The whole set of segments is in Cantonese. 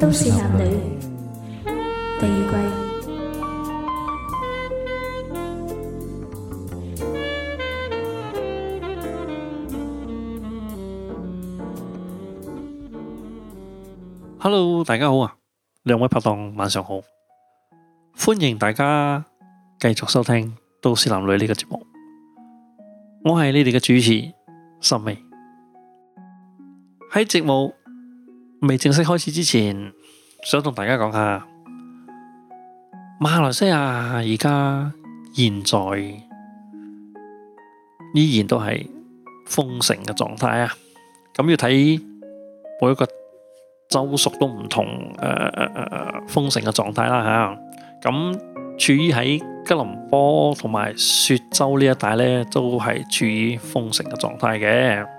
都市男女第二季，Hello，大家好啊，兩位拍檔晚上好，歡迎大家繼續收聽《都市男女》呢個節目，我係你哋嘅主持心薇喺節目。未正式開始之前，想同大家講下，馬來西亞而家現在，現在，現在依然都係封城嘅狀態啊！咁要睇每一個州屬都唔同誒、呃呃，封城嘅狀態啦吓。咁處於喺吉隆坡同埋雪州一帶呢一帶咧，都係處於封城嘅狀態嘅。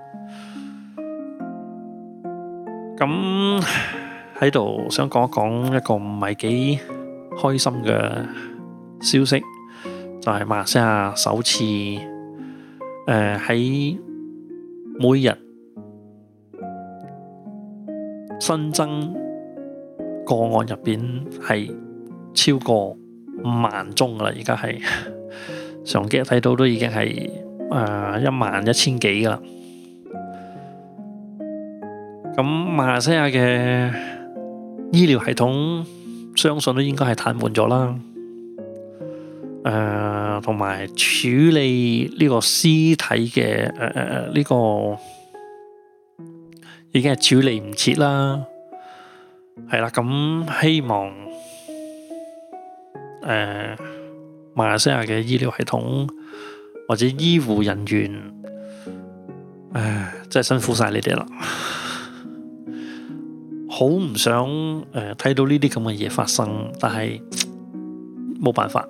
咁喺度想講一講一個唔係幾開心嘅消息，就係馬來西亞首次誒喺每日新增個案入邊係超過五萬宗噶啦，而家係上幾日睇到都已經係誒一萬一千幾噶啦。咁馬來西亞嘅醫療系統，相信都應該係癱瘓咗啦。誒、呃，同埋處理呢個屍體嘅誒誒呢個，已經係處理唔切啦。係啦，咁希望誒、呃、馬來西亞嘅醫療系統或者醫護人員，誒、呃，真係辛苦晒你哋啦。好唔想誒睇到呢啲咁嘅嘢發生，但係冇辦法，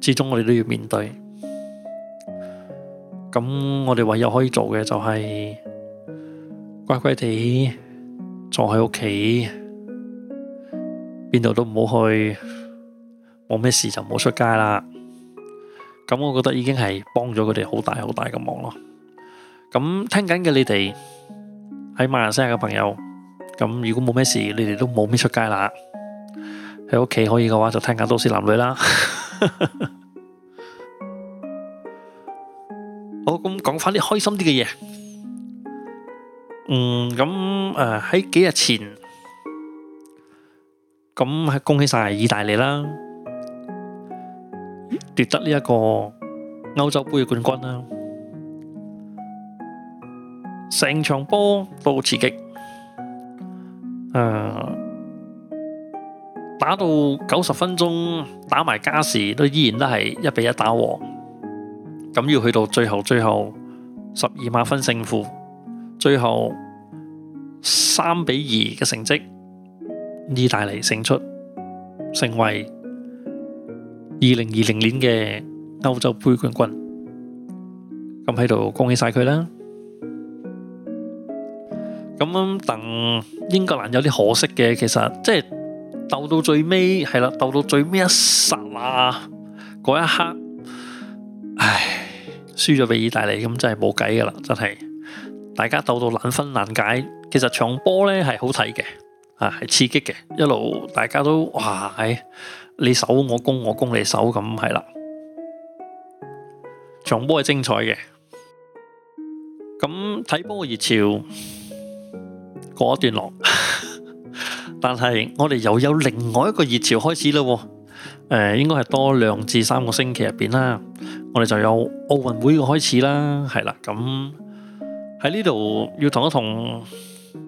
始終我哋都要面對。咁我哋唯有可以做嘅就係乖乖地坐喺屋企，邊度都唔好去，冇咩事就唔好出街啦。咁我覺得已經係幫咗佢哋好大好大嘅忙咯。咁聽緊嘅你哋，喺馬來西亞嘅朋友。咁如果冇咩事，你哋都冇咩出街啦。喺屋企可以嘅話，就聽下都市男女啦。好，咁講翻啲開心啲嘅嘢。嗯，咁誒喺幾日前，咁係恭喜晒意大利啦，奪得呢一個歐洲杯嘅冠軍啦。成場波都好刺激。誒，打到九十分鐘，打埋加時都依然都係一比一打和，咁要去到最後最後十二碼分勝負，最後三比二嘅成績，意大利勝出，成為二零二零年嘅歐洲杯冠軍，咁喺度恭喜晒佢啦！咁鄧英格蘭有啲可惜嘅，其實即係鬥到最尾係啦，鬥到最尾一剎啊，嗰一刻，唉，輸咗俾意大利，咁真係冇計噶啦，真係。大家鬥到難分難解，其實場波呢係好睇嘅，啊，係刺激嘅，一路大家都哇，係你守我攻，我攻你守，咁係啦，場波係精彩嘅。咁睇波嘅熱潮。過一段落， 但係我哋又有另外一個熱潮開始啦，誒，應該係多兩至三個星期入面啦，我哋就有奧運會嘅開始啦，係啦，咁喺呢度要同一同誒、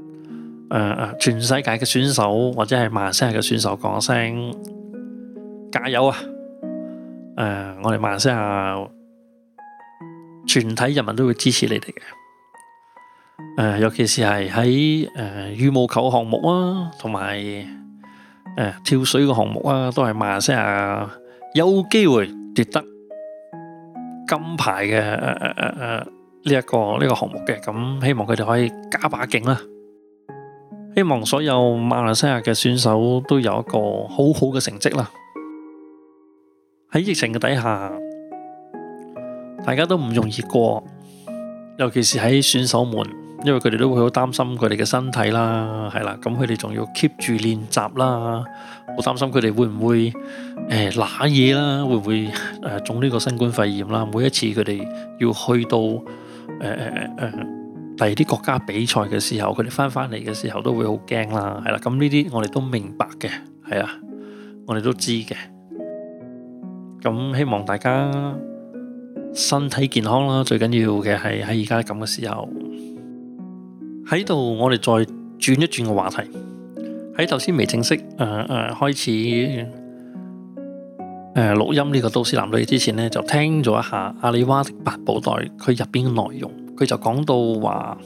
呃、全世界嘅選手或者係馬來西亞嘅選手講聲加油啊！誒，我哋馬來西亞全體人民都會支持你哋嘅。誒、呃，尤其是係喺、呃、羽毛球項目啊，同埋、呃、跳水嘅項目啊，都係馬來西亞有機會奪得金牌嘅誒誒誒誒呢一個呢、這個項目嘅。咁、嗯、希望佢哋可以加把勁啦、啊。希望所有馬來西亞嘅選手都有一個好好嘅成績啦、啊。喺疫情嘅底下，大家都唔容易過，尤其是喺選手們。因為佢哋都會好擔心佢哋嘅身體啦，係啦，咁佢哋仲要 keep 住練習啦，好擔心佢哋會唔會誒嗱嘢啦，會唔會誒中呢個新冠肺炎啦？每一次佢哋要去到誒誒誒誒第二啲國家比賽嘅時候，佢哋翻翻嚟嘅時候都會好驚啦，係啦，咁呢啲我哋都明白嘅，係啦，我哋都知嘅。咁希望大家身體健康啦，最緊要嘅係喺而家咁嘅時候。喺度，我哋再轉一轉個話題。喺頭先未正式誒誒、呃呃、開始誒錄、呃、音呢個都市男女之前咧，就聽咗一下阿里娃的八寶袋，佢入邊嘅內容，佢就講到話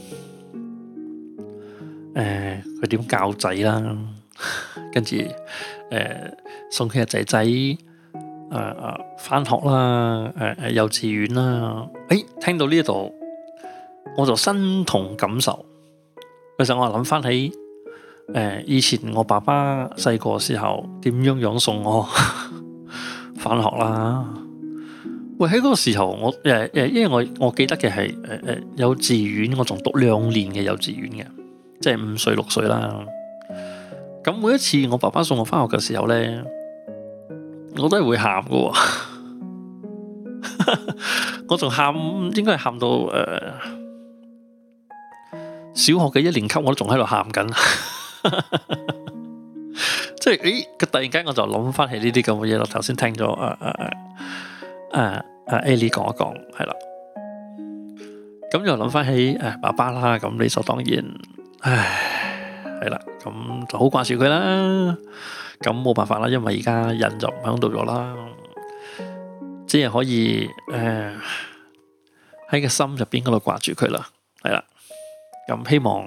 誒，佢、呃、點教仔啦，跟住誒、呃、送佢嘅仔仔誒誒返學啦，誒、呃、誒幼稚園啦。誒、欸，聽到呢一度，我就身同感受。其實我諗翻起，誒、呃，以前我爸爸細個時候點樣樣送我翻學啦？喂，喺嗰個時候我誒誒、呃，因為我我記得嘅係誒誒，幼稚園我仲讀兩年嘅幼稚園嘅，即係五歲六歲啦。咁每一次我爸爸送我翻學嘅時候咧，我都係會喊㗎、哦，我仲喊，應該係喊到誒。呃小學嘅一年級，我都仲喺度喊緊，即係誒，佢突然間我就諗翻起呢啲咁嘅嘢咯。頭先聽咗啊啊啊啊，Elly 講一講係啦，咁又諗翻起誒、哎，爸爸啦，咁理所當然，唉，係啦，咁就好掛住佢啦，咁冇辦法啦，因為而家人就唔喺度咗啦，只係可以誒喺個心入邊嗰度掛住佢啦，係啦。咁希望，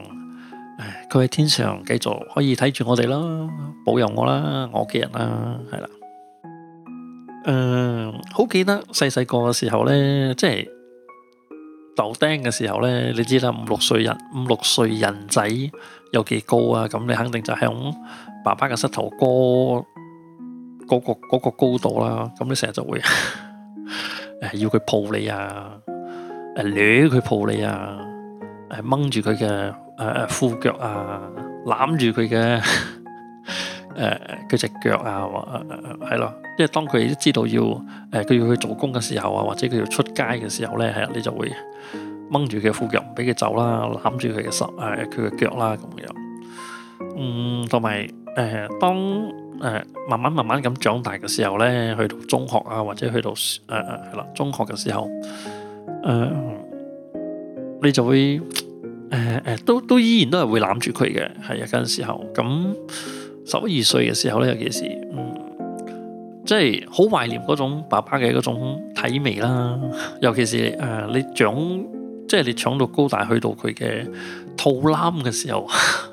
佢喺天上繼續可以睇住我哋啦，保佑我啦，我屋企人啦，係啦。嗯，好記得細細個嘅時候呢，即係豆丁嘅時候呢，你知啦，五六歲人，五六歲人仔有幾高啊？咁你肯定就響爸爸嘅膝頭哥嗰個、嗰個高度啦。咁你成日就會 要佢抱你啊，誒撩佢抱你啊。誒，掹住佢嘅誒誒褲腳啊，攬住佢嘅誒佢隻腳啊，係、啊、咯，即係當佢知道要誒佢、呃、要去做工嘅時候啊，或者佢要出街嘅時候咧，係啊，你就會掹住佢嘅褲腳唔俾佢走啦，攬住佢嘅手誒佢嘅腳啦、啊、咁樣。嗯，同埋誒，當誒、呃、慢慢慢慢咁長大嘅時候咧，去到中學啊，或者去到誒誒係啦中學嘅時候，誒、呃。你就會誒誒、呃，都都依然都係會攬住佢嘅，係啊，嗰陣時候咁十二歲嘅時候咧，尤其是嗯，即係好懷念嗰種爸爸嘅嗰種體味啦。尤其是誒、呃，你長即係你長到高大，去到佢嘅肚腩嘅時候，呵呵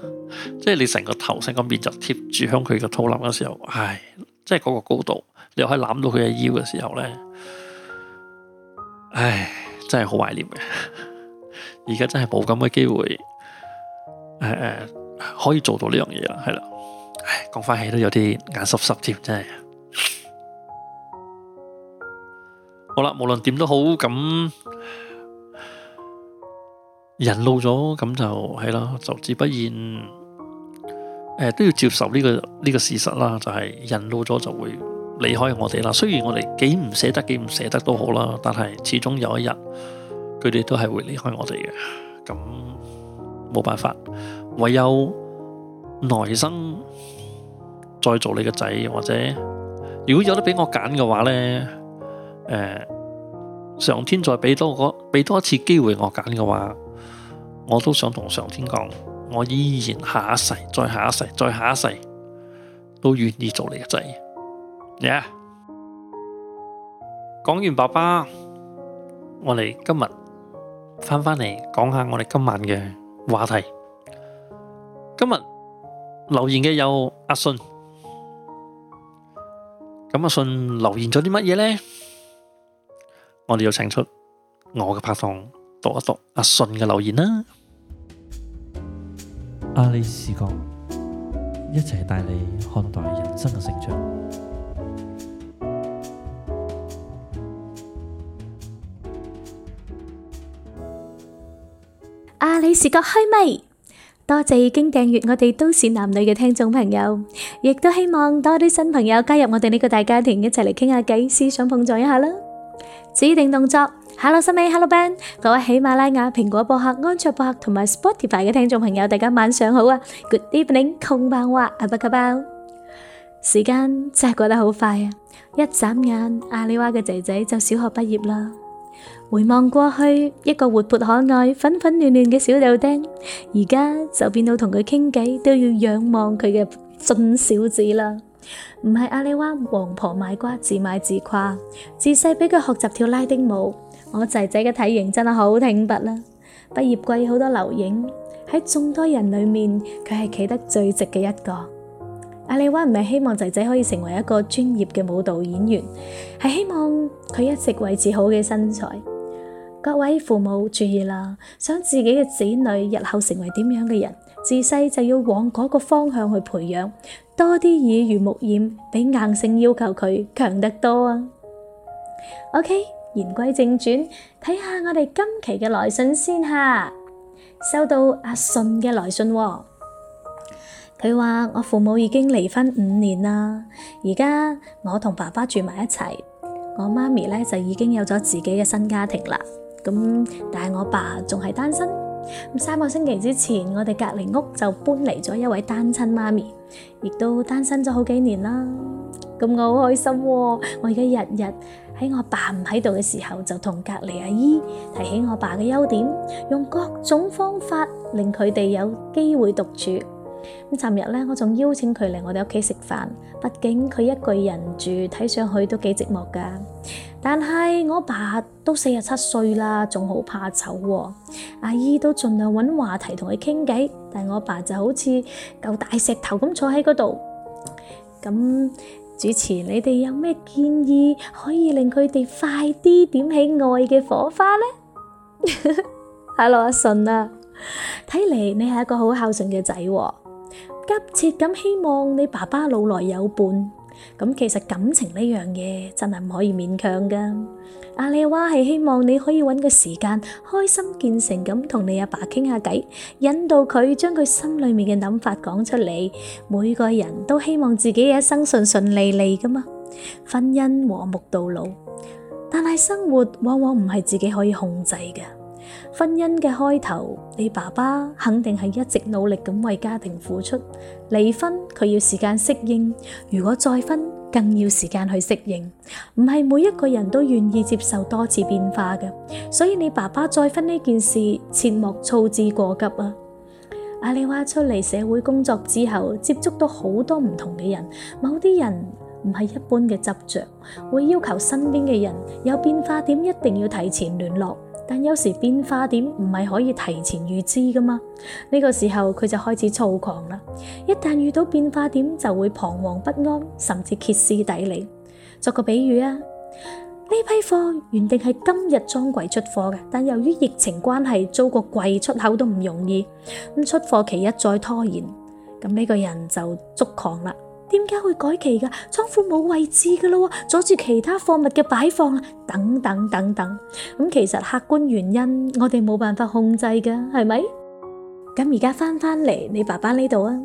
即係你成個頭成個面就貼住向佢嘅肚腩嘅時候，唉，即係嗰個高度，你又可以攬到佢嘅腰嘅時候咧，唉，真係好懷念嘅。而家真係冇咁嘅機會，誒、呃、誒，可以做到呢樣嘢啦，係啦。講返起都有啲眼濕濕添，真係。好啦，無論點都好，咁人老咗，咁就係啦，就只不現，誒、呃、都要接受呢、呢個呢、呢個事實啦。就係、係、人老咗就會離開我哋啦。雖然我哋幾唔捨得，幾唔捨得都好啦，但係始終有一日。佢哋都係會離開我哋嘅，咁冇辦法，唯有來生再做你個仔。或者如果有得俾我揀嘅話咧，誒、呃，上天再俾多個俾多一次機會我揀嘅話，我都想同上天講，我依然下一世、再下一世、再下一世，下一世都願意做你個仔。耶！講完爸爸，我哋今日。翻返嚟講下我哋今晚嘅話題。今日留言嘅有阿順，咁阿順留言咗啲乜嘢呢？我哋要請出我嘅拍檔讀一讀阿順嘅留言啦。阿里視角一齊帶你看待人生嘅成長。阿里、啊、是個虛偽。多謝已經訂閱我哋都市男女嘅聽眾朋友，亦都希望多啲新朋友加入我哋呢個大家庭，一齊嚟傾下偈，思想碰撞一下啦。指定動作，Hello Sami，Hello Ben，各位喜馬拉雅、蘋果播客、安卓播客同埋 Spotify 嘅聽眾朋友，大家晚上好啊！Good evening，空班話啊，阿巴卡包。時間真係過得好快啊！一眨眼，阿里話嘅仔仔就小學畢業啦。回望過去，一個活潑可愛、粉粉嫩嫩嘅小豆丁，而家就變到同佢傾偈都要仰望佢嘅俊小子啦。唔係阿里灣王婆賣瓜自賣自誇，自細俾佢學習跳拉丁舞，我仔仔嘅體型真係好挺拔啦。畢業季好多留影，喺眾多人裏面，佢係企得最直嘅一個。阿里灣唔係希望仔仔可以成為一個專業嘅舞蹈演員，係希望佢一直維持好嘅身材。各位父母注意啦！想自己嘅子女日後成為點樣嘅人，自細就要往嗰個方向去培養，多啲耳濡目染，比硬性要求佢強得多啊。OK，言歸正傳，睇下我哋今期嘅來信先吓。收到阿順嘅來信，哦，佢話我父母已經離婚五年啦，而家我同爸爸住埋一齊，我媽咪咧就已經有咗自己嘅新家庭啦。但係我爸仲係單身，三個星期之前我哋隔籬屋就搬嚟咗一位單親媽咪，亦都單身咗好幾年啦。咁我好開心哦，我而家日日喺我爸唔喺度嘅時候，就同隔籬阿姨提起我爸嘅優點，用各種方法令佢哋有機會獨處。咁，尋日咧，我仲邀請佢嚟我哋屋企食飯。畢竟佢一個人住，睇上去都幾寂寞噶。但係我爸都四十七歲啦，仲好怕醜。阿姨都盡量搵話題同佢傾偈，但係我爸就好似舊大石頭咁坐喺嗰度。咁主持，你哋有咩建議可以令佢哋快啲點起愛嘅火花咧？Hello，阿順啊，睇嚟你係一個好孝順嘅仔。急切咁希望你爸爸老來有伴，咁其實感情呢樣嘢真係唔可以勉強噶。阿你話係希望你可以揾個時間開心見誠咁同你阿爸傾下偈，引導佢將佢心裏面嘅諗法講出嚟。每個人都希望自己嘅一生順順利利噶嘛，婚姻和睦到老。但係生活往往唔係自己可以控制嘅。婚姻嘅開頭，你爸爸肯定係一直努力咁為家庭付出。離婚佢要時間適應，如果再婚更要時間去適應。唔係每一個人都願意接受多次變化嘅，所以你爸爸再婚呢件事切莫操之過急啊！阿里話出嚟社會工作之後，接觸到好多唔同嘅人，某啲人唔係一般嘅執着，會要求身邊嘅人有變化點一定要提前聯絡。但有時變化點唔係可以提前預知噶嘛？呢個時候佢就開始躁狂啦。一旦遇到變化點，就會彷徨不安，甚至歇斯底里。作個比喻啊，呢批貨原定係今日裝櫃出貨嘅，但由於疫情關係，租個櫃出口都唔容易。咁出貨期一再拖延，咁呢個人就抓狂啦。點解會改期噶？倉庫冇位置噶咯，阻住其他貨物嘅擺放啊！等等等等，咁其實客觀原因我哋冇辦法控制噶，係咪？咁而家翻翻嚟你爸爸呢度啊，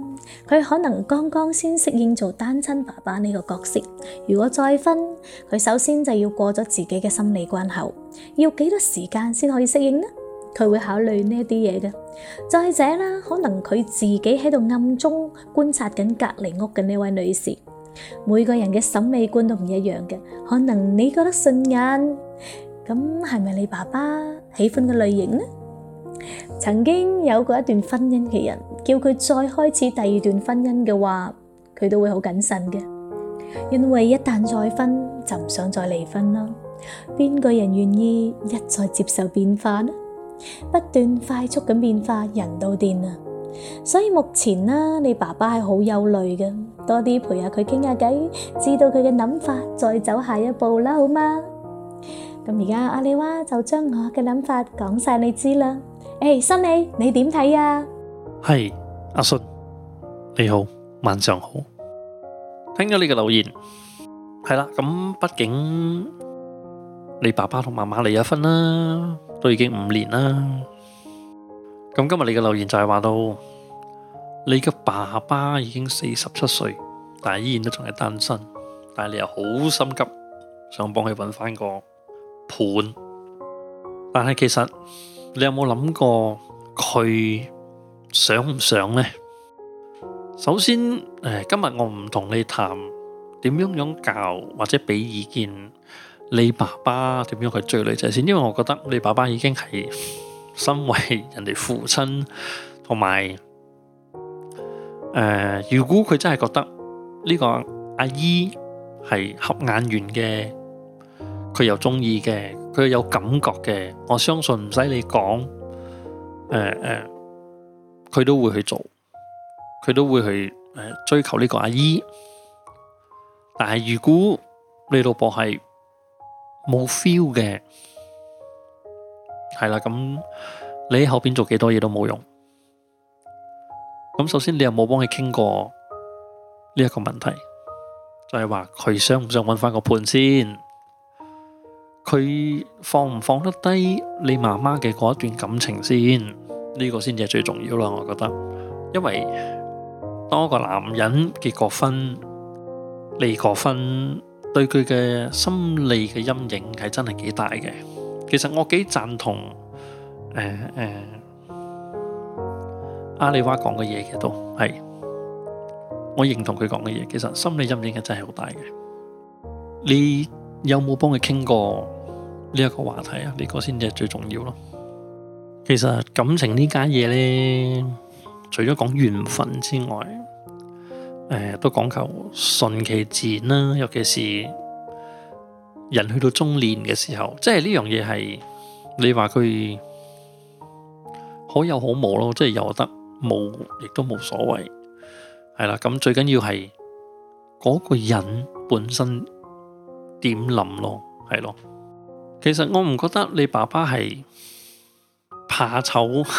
佢可能剛剛先適應做單親爸爸呢個角色，如果再婚，佢首先就要過咗自己嘅心理關口，要幾多時間先可以適應呢？佢會考慮呢啲嘢嘅。再者啦，可能佢自己喺度暗中觀察緊隔籬屋嘅呢位女士。每個人嘅審美觀都唔一樣嘅，可能你覺得順眼，咁係咪你爸爸喜歡嘅類型呢？曾經有過一段婚姻嘅人，叫佢再開始第二段婚姻嘅話，佢都會好謹慎嘅，因為一旦再婚就唔想再離婚啦。邊個人願意一再接受變化呢？不斷快速咁變化，人到電啊！所以目前啦，你爸爸係好憂慮嘅，多啲陪下佢傾下偈，知道佢嘅諗法，再走下一步啦，好嗎？咁而家阿麗娃就將我嘅諗法講晒你知啦。誒，新李，你點睇啊？係，阿信，你好，晚上好。聽咗你嘅留言，係啦，咁畢竟你爸爸同媽媽離咗婚啦。都已經五年啦。咁今日你嘅留言就係話到，你嘅爸爸已經四十七歲，但係依然都仲係單身，但係你又好心急，想幫佢揾翻個伴。但係其實你有冇諗過佢想唔想呢？首先，誒，今日我唔同你談點樣樣教或者俾意見。你爸爸點樣去追女仔先？因為我覺得你爸爸已經係身為人哋父親，同埋誒，如果佢真係覺得呢個阿姨係合眼緣嘅，佢又中意嘅，佢又有感覺嘅，我相信唔使你講，誒誒，佢都會去做，佢都會去誒追求呢個阿姨。但係如果你老婆係，冇 feel 嘅，係啦，咁你喺後邊做幾多嘢，都冇用。咁首先你有冇幫佢傾過呢一個問題？就係話佢想唔想揾翻個伴先？佢放唔放得低你媽媽嘅嗰一段感情先？呢、這個先至係最重要啦，我覺得。因為當一個男人結過婚、離過婚。對佢嘅心理嘅陰影係真係幾大嘅。其實我幾贊同誒誒、呃呃、阿里娃講嘅嘢嘅，其實都係我認同佢講嘅嘢。其實心理陰影係真係好大嘅。你有冇幫佢傾過呢一個話題啊？呢、這個先至係最重要咯。其實感情家呢家嘢咧，除咗講緣分之外，誒，都講求順其自然啦。尤其是人去到中年嘅時候，即係呢樣嘢係你話佢可有可無咯，即係有得冇，亦都冇所謂。係啦，咁最緊要係嗰個人本身點諗咯，係咯。其實我唔覺得你爸爸係怕醜。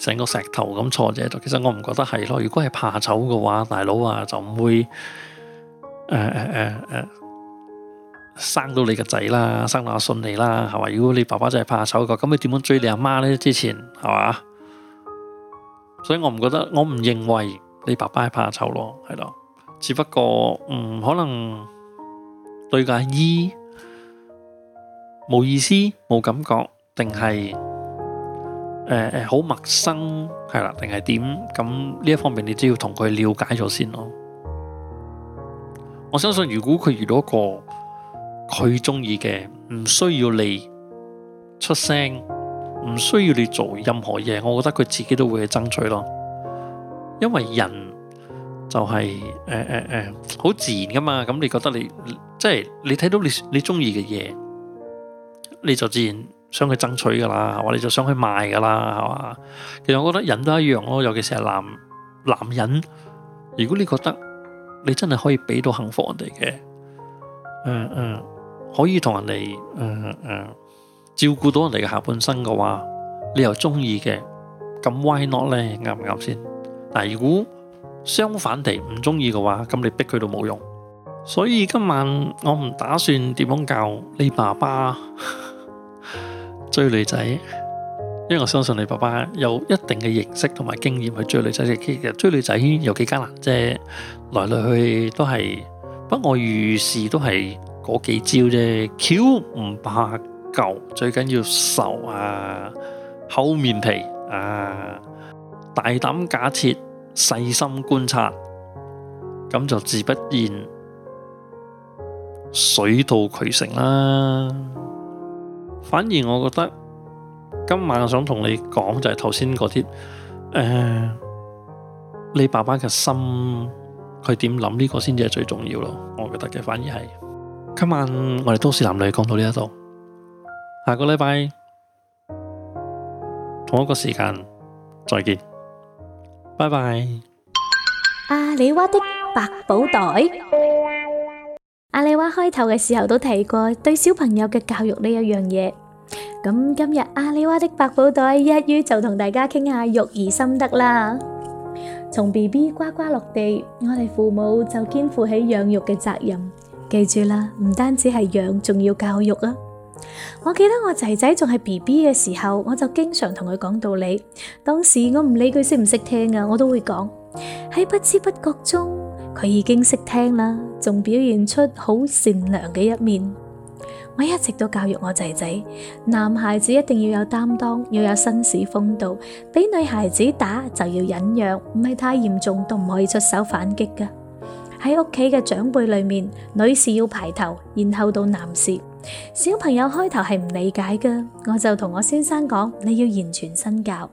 成個石頭咁坐住喺度，其實我唔覺得係咯。如果係怕醜嘅話，大佬啊，就唔會誒誒誒誒生到你個仔啦，生到阿順你啦，係嘛？如果你爸爸真係怕醜嘅，咁你點樣追你阿媽咧？之前係嘛？所以我唔覺得，我唔認為你爸爸係怕醜咯，係咯。只不過唔、嗯、可能對個阿姨冇意思、冇感覺，定係？誒誒，好、呃、陌生係啦，定係點？咁呢一方面，你都要同佢了解咗先咯。我相信，如果佢遇到一個佢中意嘅，唔需要你出聲，唔需要你做任何嘢，我覺得佢自己都會去爭取咯。因為人就係誒誒誒，好、呃呃呃、自然噶嘛。咁你覺得你即係你睇到你你中意嘅嘢，你就自然。想去爭取噶啦，我哋就想去賣噶啦，係嘛？其實我覺得人都一樣咯，尤其是係男男人。如果你覺得你真係可以俾到幸福人哋嘅，嗯嗯，可以同人哋，嗯嗯，照顧到人哋嘅下半生嘅話，你又中意嘅，咁 why not 咧？啱唔啱先？嗱，如果相反地唔中意嘅話，咁你逼佢都冇用。所以今晚我唔打算點樣教你爸爸。追女仔，因為我相信你爸爸有一定嘅認識同埋經驗去追女仔嘅。其實追女仔有幾艱難啫？來來去都係，不過遇事都係嗰幾招啫，橋唔怕舊，最緊要受啊，厚面皮啊，大膽假設，細心觀察，咁就自不然水到渠成啦。反而我覺得今晚我想同你講就係頭先嗰啲，誒，你爸爸嘅心佢點諗呢個先至係最重要咯。我覺得嘅反而係今晚我哋都市男女講到呢一度，下個禮拜同一個時間再見，拜拜。阿里娃的百寶袋。阿里娃開頭嘅時候都提過對小朋友嘅教育呢一樣嘢，咁今日阿里娃的百寶袋一於就同大家傾下育兒心得啦。從 B B 呱呱落地，我哋父母就肩負起養育嘅責任。記住啦，唔單止係養，仲要教育啊！我記得我仔仔仲係 B B 嘅時候，我就經常同佢講道理。當時我唔理佢識唔識聽啊，我都會講喺，不知不覺中。佢已經識聽啦，仲表現出好善良嘅一面。我一直都教育我仔仔，男孩子一定要有擔當，要有紳士風度。俾女孩子打就要忍讓，唔係太嚴重都唔可以出手反擊噶。喺屋企嘅長輩裏面，女士要排頭，然後到男士。小朋友開頭係唔理解噶，我就同我先生講，你要言傳身教。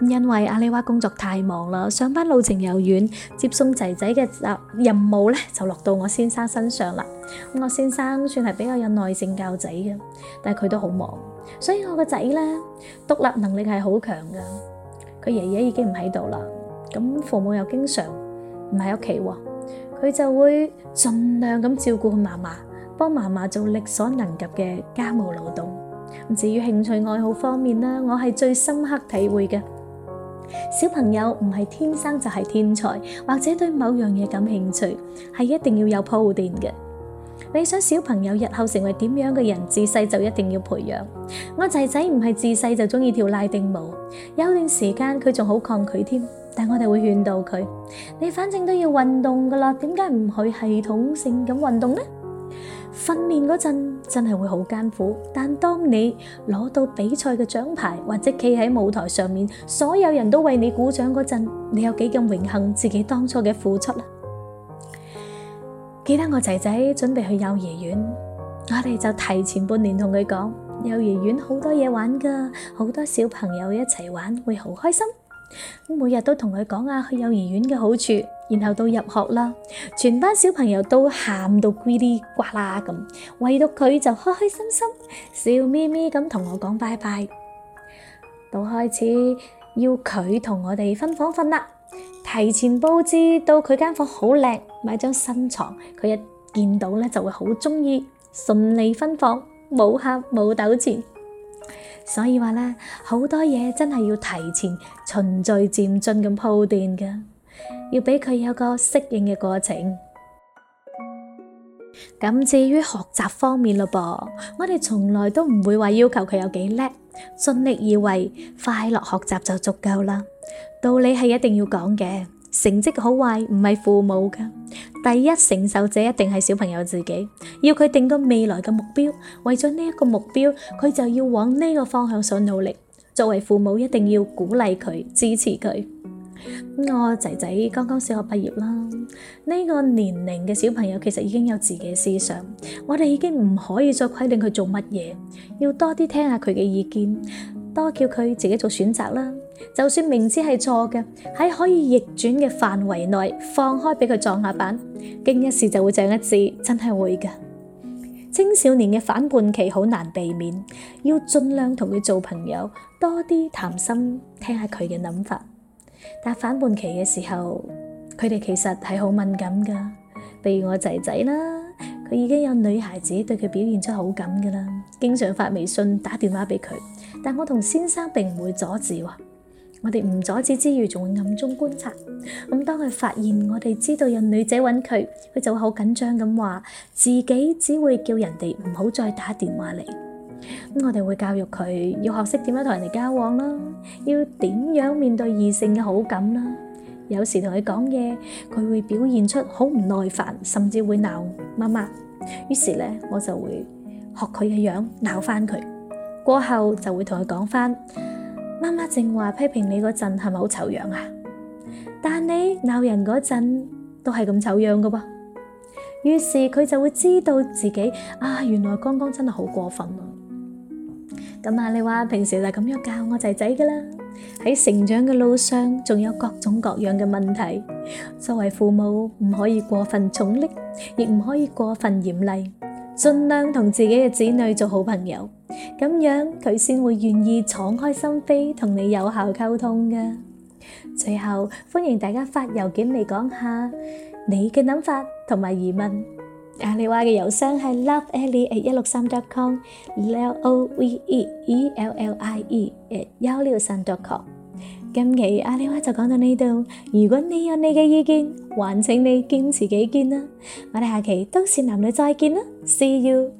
因為阿麗娃工作太忙啦，上班路程又遠，接送仔仔嘅任務咧就落到我先生身上啦。我先生算係比較有耐性教仔嘅，但係佢都好忙，所以我個仔咧獨立能力係好強㗎。佢爺爺已經唔喺度啦，咁父母又經常唔喺屋企，佢就會盡量咁照顧媽媽，幫媽媽做力所能及嘅家務勞動。至於興趣愛好方面咧，我係最深刻體會嘅。小朋友唔係天生就係天才，或者對某樣嘢感興趣，係一定要有鋪墊嘅。你想小朋友日後成為點樣嘅人，自細就一定要培養。我仔仔唔係自細就中意跳拉丁舞，有段時間佢仲好抗拒添，但我哋會勸導佢。你反正都要運動噶啦，點解唔去系統性咁運動呢？訓練嗰陣真係會好艱苦，但當你攞到比賽嘅獎牌，或者企喺舞台上面，所有人都為你鼓掌嗰陣，你有幾咁榮幸自己當初嘅付出呢？記得我仔仔準備去幼兒園，我哋就提前半年同佢講，幼兒園好多嘢玩㗎，好多小朋友一齊玩會好開心，每日都同佢講下去幼兒園嘅好處。然後到入學啦，全班小朋友都喊到嘰里呱啦咁，唯獨佢就開開心心、笑眯眯咁同我講拜拜。到開始要佢同我哋分房瞓啦，提前佈置到佢間房好靚，買張新床，佢一見到咧就會好鍾意。順利分房，冇喊冇糾纏。所以話咧，好多嘢真係要提前循序漸進咁鋪墊噶。要俾佢有個適應嘅過程。咁至於學習方面咯噃，我哋從來都唔會話要求佢有幾叻，盡力而為，快樂學習就足夠啦。道理係一定要講嘅，成績好壞唔係父母噶，第一承受者一定係小朋友自己。要佢定個未來嘅目標，為咗呢一個目標，佢就要往呢個方向上努力。作為父母，一定要鼓勵佢，支持佢。我仔仔剛剛小學畢業啦，呢個年齡嘅小朋友其實已經有自己嘅思想，我哋已經唔可以再規定佢做乜嘢，要多啲聽下佢嘅意見，多叫佢自己做選擇啦。就算明知係錯嘅，喺可以逆轉嘅範圍內放開俾佢撞下板，經一事就會長一智，真係會㗎。青少年嘅反叛期好難避免，要盡量同佢做朋友，多啲談心，聽下佢嘅諗法。但反叛期嘅時候，佢哋其實係好敏感噶。比如我仔仔啦，佢已經有女孩子對佢表現出好感噶啦，經常發微信打電話俾佢。但我同先生並唔會阻止，我哋唔阻止之餘，仲會暗中觀察。咁當佢發現我哋知道有女仔揾佢，佢就會好緊張咁話，自己只會叫人哋唔好再打電話嚟。咁我哋會教育佢要學識點樣同人哋交往啦，要點樣面對異性嘅好感啦。有時同佢講嘢，佢會表現出好唔耐煩，甚至會鬧媽媽。於是咧，我就會學佢嘅樣鬧翻佢。過後就會同佢講翻：媽媽正話批評你嗰陣係咪好醜樣啊？但你鬧人嗰陣都係咁醜樣㗎喎。於是佢就會知道自己啊，原來剛剛真係好過分啊！咁啊，你話平時就咁樣教我仔仔噶啦。喺成長嘅路上，仲有各種各樣嘅問題。作為父母，唔可以過分寵溺，亦唔可以過分嚴厲。盡量同自己嘅子女做好朋友，咁樣佢先會願意敞開心扉同你有效溝通噶。最後，歡迎大家發郵件嚟講下你嘅諗法同埋疑問。阿你話嘅郵箱係 loveellie@ 一六三 .com，L-O-V-E-E-L-L-I-E@ 幺六三 .com。今期阿你話就講到呢度，如果你有你嘅意見，還請你堅持己見啦。我哋下期都市男女再見啦，See you。